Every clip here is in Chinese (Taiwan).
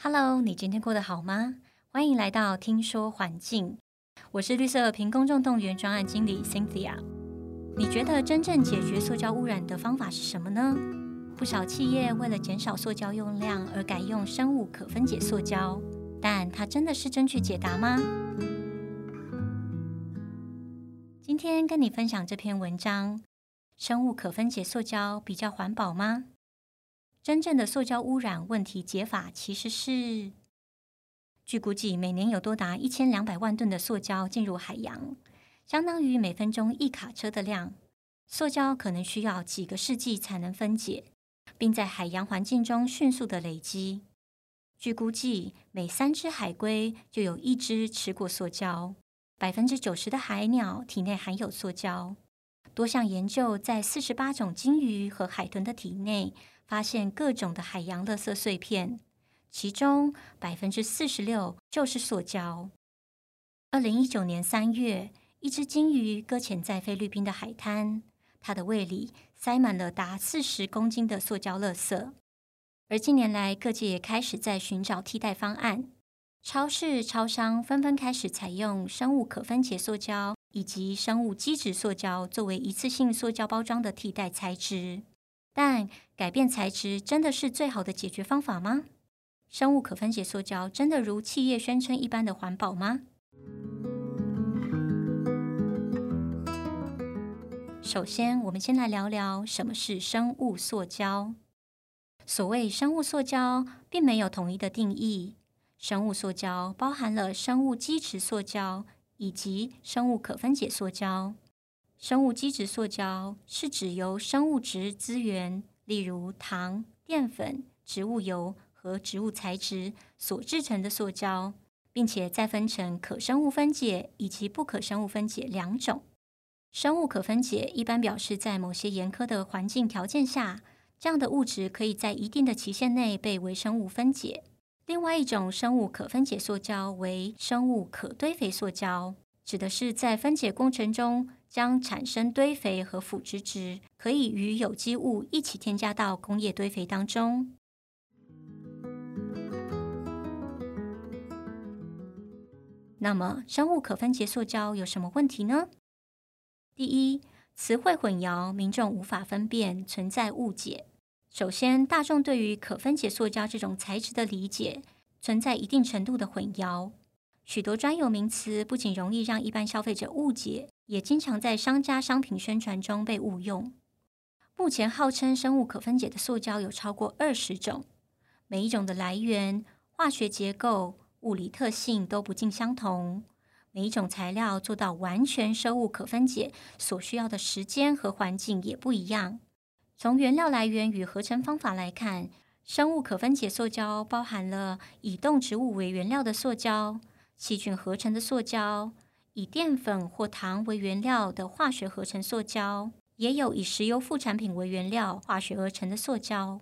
Hello，你今天過得好嗎？歡迎來到聽說環境，我是綠色和平公眾動員專案經理 Cynthia。你覺得真正解決塑膠污染的方法是什麼呢？不少企業為了減少塑膠用量而改用生物可分解塑膠，但它真的是正確解答嗎？今天跟你分享這篇文章，生物可分解塑膠比較環保嗎？真正的塑膠污染問題解法，其實是：據估計，每年有多達一千兩百萬噸的塑膠進入海洋，相當於每分鐘一卡車的量。塑膠可能需要幾個世紀才能分解，並在海洋環境中迅速的累積。據估計，每三隻海龜就有一隻吃過塑膠，百分之九十的海鳥體內含有塑膠。多項研究在四十八種鯨魚和海豚的體內。發現各種的海洋垃圾碎片，其中百分之四十六就是塑膠。二零一九年三月，一隻鯨魚擱淺在菲律賓的海灘，它的胃裡塞滿了達四十公斤的塑膠垃圾。而近年來，各界也開始在尋找替代方案，超市、超商紛紛開始採用生物可分解塑膠以及生物基質塑膠作為一次性塑膠包裝的替代材質。但改變材質真的是最好的解決方法嗎？生物可分解塑膠真的如企業宣稱一般的環保嗎？首先，我們先來聊聊什麼是生物塑膠。所謂生物塑膠，並沒有統一的定義。生物塑膠包含了生物基質塑膠以及生物可分解塑膠。生物基質塑膠是指由生物質資源，例如糖、澱粉、植物油和植物材質所製成的塑膠，並且再分成可生物分解以及不可生物分解兩種。生物可分解一般表示在某些嚴苛的環境條件下，這樣的物質可以在一定的期限內被微生物分解。另外一種生物可分解塑膠為生物可堆肥塑膠，指的是在分解過程中，將產生堆肥和腐殖質，可以與有機物一起添加到工業堆肥當中。那麼，生物可分解塑膠有什麼問題呢？第一，詞彙混淆，民眾無法分辨，存在誤解。首先，大眾對於可分解塑膠這種材質的理解存在一定程度的混淆，許多專有名詞不僅容易讓一般消費者誤解。也經常在商家商品宣傳中被誤用。目前號稱生物可分解的塑膠有超過二十種，每一種的來源、化學結構、物理特性都不盡相同。每一種材料做到完全生物可分解，所需要的時間和環境也不一樣。從原料來源與合成方法來看，生物可分解塑膠包含了以動植物為原料的塑膠、細菌合成的塑膠。以澱粉或糖為原料的化學合成塑膠，也有以石油副產品為原料化學合成的塑膠。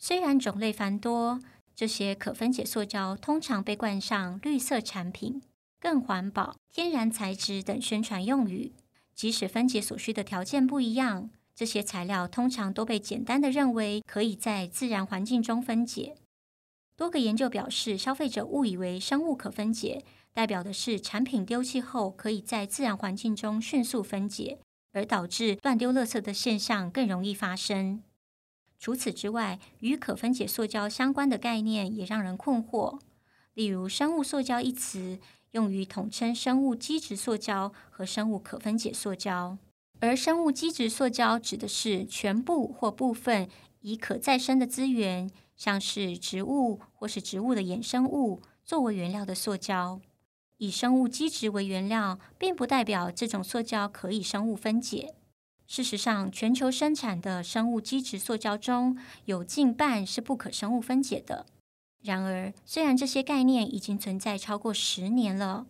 雖然種類繁多，這些可分解塑膠通常被冠上“綠色產品”、“更環保”、“天然材質”等宣傳用語。即使分解所需的條件不一樣，這些材料通常都被簡單的認為可以在自然環境中分解。多個研究表示，消費者誤以為生物可分解代表的是產品丟棄後可以在自然環境中迅速分解，而導致亂丟垃圾的現象更容易發生。除此之外，與可分解塑膠相關的概念也讓人困惑。例如，“生物塑膠”一詞用於統稱生物基質塑膠和生物可分解塑膠，而生物基質塑膠指的是全部或部分以可再生的資源。像是植物或是植物的衍生物作為原料的塑膠，以生物基質為原料，並不代表這種塑膠可以生物分解。事實上，全球生產的生物基質塑膠中有近半是不可生物分解的。然而，雖然這些概念已經存在超過十年了，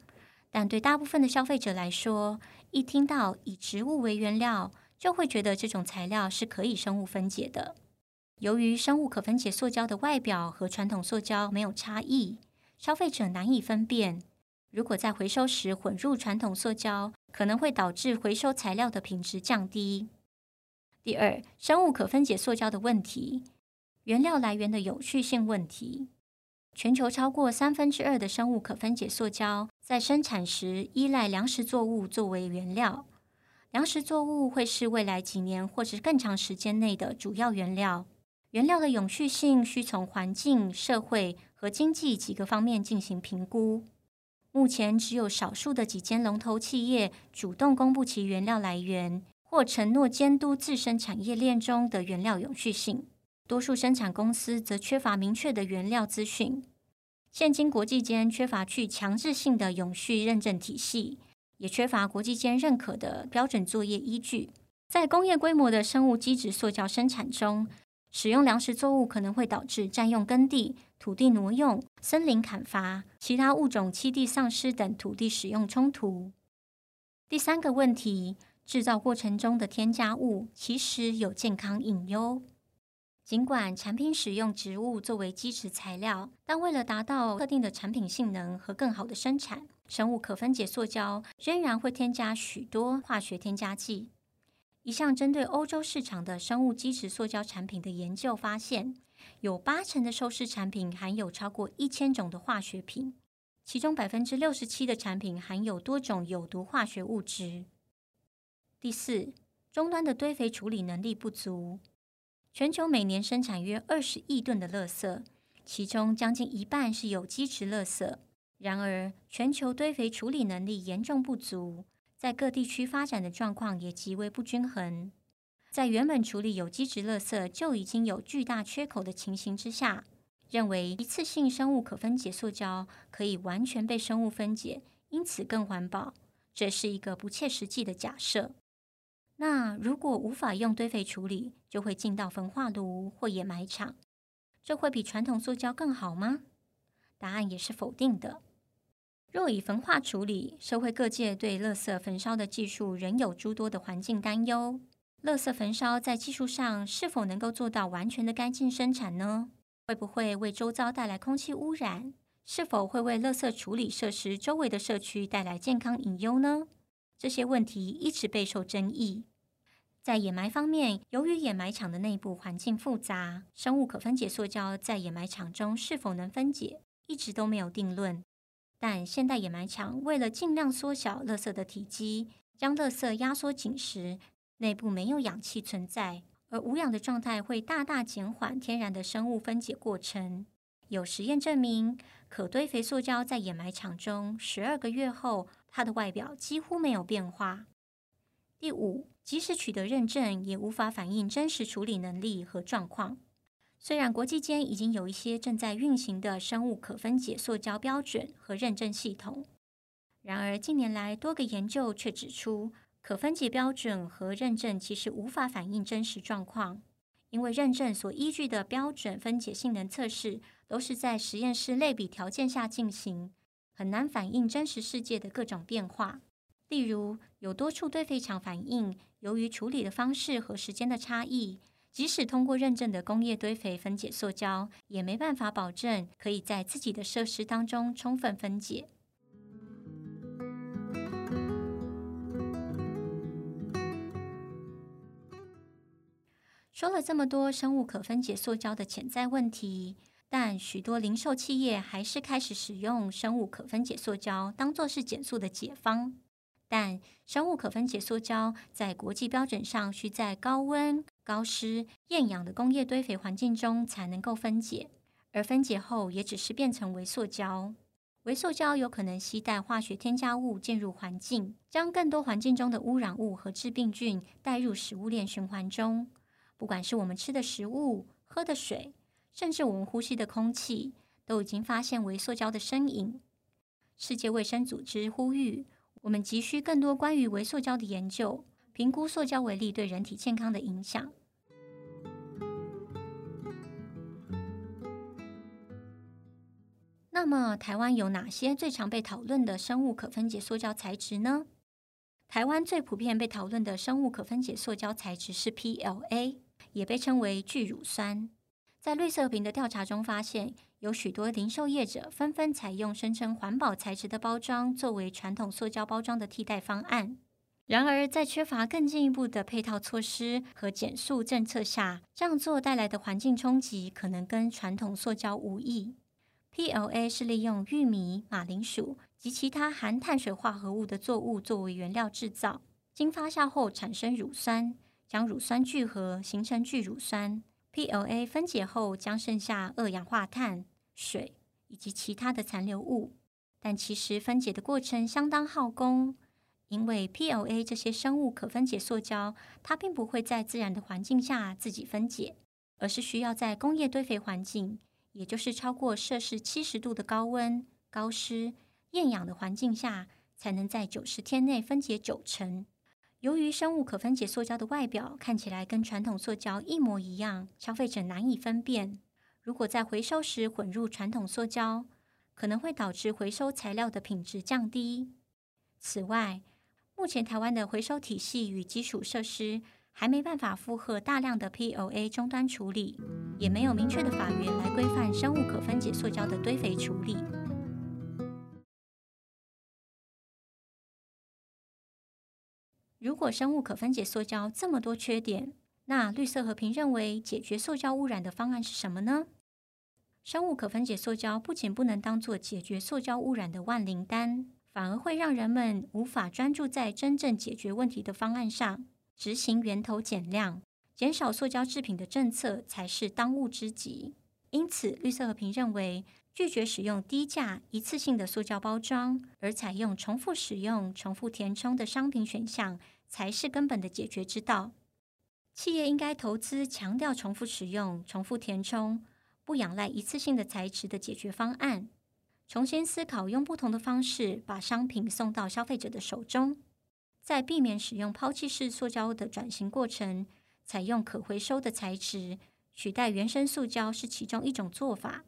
但對大部分的消費者來說，一聽到以植物為原料，就會覺得這種材料是可以生物分解的。由於生物可分解塑膠的外表和傳統塑膠沒有差異，消費者難以分辨。如果在回收時混入傳統塑膠，可能會導致回收材料的品質降低。第二，生物可分解塑膠的問題：原料來源的有序性問題。全球超過三分之二的生物可分解塑膠在生產時依賴糧食作物作為原料，糧食作物會是未來幾年或是更長時間內的主要原料。原料的永續性需從環境、社會和經濟幾個方面進行評估。目前只有少數的幾間龍頭企業主動公布其原料來源，或承諾監督自身產業鏈中的原料永續性。多數生產公司則缺乏明確的原料資訊。現今國際間缺乏具強制性的永續認證體系，也缺乏國際間認可的標準作業依據。在工業規模的生物基質塑膠生產中，使用糧食作物可能會導致占用耕地、土地挪用、森林砍伐、其他物種棲地喪失等土地使用衝突。第三個問題，製造過程中的添加物其實有健康隱憂。儘管產品使用植物作為基質材料，但為了達到特定的產品性能和更好的生產，生物可分解塑膠仍然會添加許多化學添加劑。一項針對歐洲市場的生物基質塑膠產品的研究發現，有八成的受試產品含有超過一千種的化學品，其中百分之六十七的產品含有多種有毒化學物質。第四，終端的堆肥處理能力不足。全球每年生產約二十億噸的垃圾，其中將近一半是有機質垃圾，然而全球堆肥處理能力嚴重不足。在各地區發展的狀況也極為不均衡。在原本處理有機質垃圾就已經有巨大缺口的情形之下，認為一次性生物可分解塑膠可以完全被生物分解，因此更環保，這是一個不切實際的假設。那如果無法用堆肥處理，就會進到焚化爐或掩埋場，這會比傳統塑膠更好嗎？答案也是否定的。若以焚化處理，社會各界對垃圾焚燒的技術仍有諸多的環境擔憂。垃圾焚燒在技術上是否能夠做到完全的乾淨生產呢？會不會為周遭帶來空氣污染？是否會為垃圾處理設施周圍的社區帶來健康隱憂呢？這些問題一直備受爭議。在掩埋方面，由於掩埋場的內部環境複雜，生物可分解塑膠在掩埋場中是否能分解，一直都沒有定論。但現代掩埋場，為了盡量縮小垃圾的體積，將垃圾壓縮緊實，內部沒有氧氣存在，而無氧的狀態會大大減緩天然的生物分解過程。有實驗證明，可堆肥塑膠在掩埋場中十二個月後，它的外表幾乎沒有變化。第五，即使取得認證，也無法反映真實處理能力和狀況。雖然國際間已經有一些正在運行的生物可分解塑膠標準和認證系統，然而近年來多個研究卻指出，可分解標準和認證其實無法反映真實狀況，因為認證所依據的標準、分解性能測試都是在實驗室類比條件下進行，很難反映真實世界的各種變化。例如，有多處堆肥廠反應，由於處理的方式和時間的差異，即使通過認證的工業堆肥分解塑膠，也沒辦法保證可以在自己的設施當中充分分解。說了這麼多生物可分解塑膠的潛在問題，但許多零售企業還是開始使用生物可分解塑膠，當做是減塑的解方。但生物可分解塑膠在國際標準上，需在高溫、高濕、厭氧的工業堆肥環境中才能夠分解，而分解後也只是變成微塑膠。微塑膠有可能攜帶化學添加物進入環境，將更多環境中的污染物和致病菌帶入食物鏈循環中。不管是我們吃的食物、喝的水，甚至我們呼吸的空氣，都已經發現微塑膠的身影。世界衛生組織呼籲。我們急需更多關於微塑膠的研究，評估塑膠微粒對人體健康的影響。那麼，台灣有哪些最常被討論的生物可分解塑膠材質呢？台灣最普遍被討論的生物可分解塑膠材質是 PLA，也被稱為聚乳酸。在綠色和平的調查中發現，有許多零售業者紛紛採用聲稱環保材質的包裝作為傳統塑膠包裝的替代方案。然而，在缺乏更進一步的配套措施和減塑政策下，這樣做帶來的環境衝擊可能跟傳統塑膠無異。PLA 是利用玉米、馬鈴薯及其他含碳水化合物的作物作為原料製造，經發酵後產生乳酸，將乳酸聚合形成聚乳酸。PLA 分解後將剩下二氧化碳、水以及其他的殘留物，但其實分解的過程相當耗工，因為 PLA 這些生物可分解塑膠，它並不會在自然的環境下自己分解，而是需要在工業堆肥環境，也就是超過攝氏七十度的高溫、高濕、厭氧的環境下，才能在九十天內分解九成。由於生物可分解塑膠的外表看起來跟傳統塑膠一模一樣，消費者難以分辨。如果在回收時混入傳統塑膠，可能會導致回收材料的品質降低。此外，目前台灣的回收體系與基礎設施還沒辦法負荷大量的 PLA 終端處理，也沒有明確的法源來規範生物可分解塑膠的堆肥處理。如果生物可分解塑膠這麼多缺點，那綠色和平認為解決塑膠污染的方案是什麼呢？生物可分解塑膠不僅不能當作解決塑膠污染的萬靈丹，反而會讓人們無法專注在真正解決問題的方案上。執行源頭減量、減少塑膠製品的政策才是當務之急。因此，綠色和平認為，拒絕使用低價一次性的塑膠包裝，而採用重複使用、重複填充的商品選項，才是根本的解決之道。企業應該投資強調重複使用、重複填充，不仰賴一次性的材質的解決方案。重新思考用不同的方式把商品送到消費者的手中，在避免使用拋棄式塑膠的轉型過程，採用可回收的材質取代原生塑膠是其中一種做法。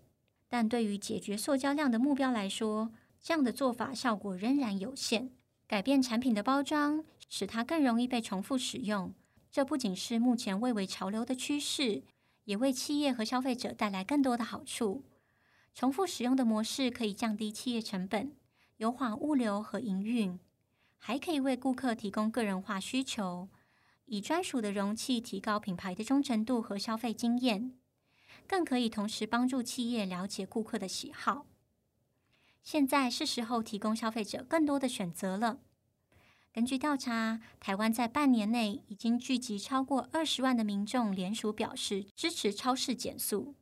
但對於解決塑膠量的目標來說，這樣的做法效果仍然有限。改變產品的包裝，使它更容易被重複使用。這不僅是目前蔚為潮流的趨勢，也為企業和消費者帶來更多的好處。重複使用的模式可以降低企業成本，優化物流和營運，還可以為顧客提供個人化需求，以專屬的容器提高品牌的忠誠度和消費經驗。更可以同時幫助企業了解顧客的喜好。現在是時候提供消費者更多的選擇了。根據調查，台灣在半年內已經聚集超過二十萬的民眾聯署，表示支持超市減塑。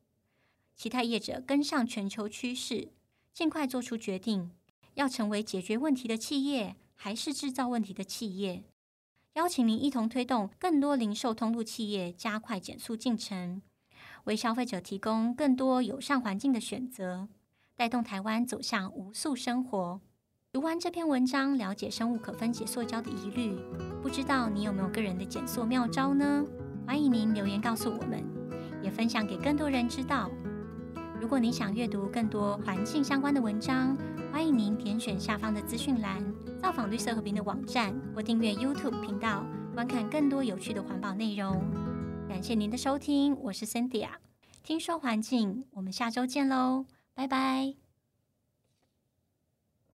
其他業者跟上全球趨勢，儘快做出決定，要成為解決問題的企業，還是制造問題的企業？邀請您一同推動更多零售通路企業加快減塑進程。為消費者提供更多友善環境的選擇，帶動台灣走向無塑生活。讀完這篇文章，了解生物可分解塑膠的疑慮，不知道你有沒有個人的減塑妙招呢？歡迎您留言告訴我們，也分享給更多人知道。如果您想閱讀更多環境相關的文章，歡迎您點選下方的資訊欄，造訪綠色和平的網站，或訂閱 YouTube 頻道，觀看更多有趣的環保內容。感謝您的收聽，我是 Cindy 啊。聽說環境，我們下周見嘍，拜拜。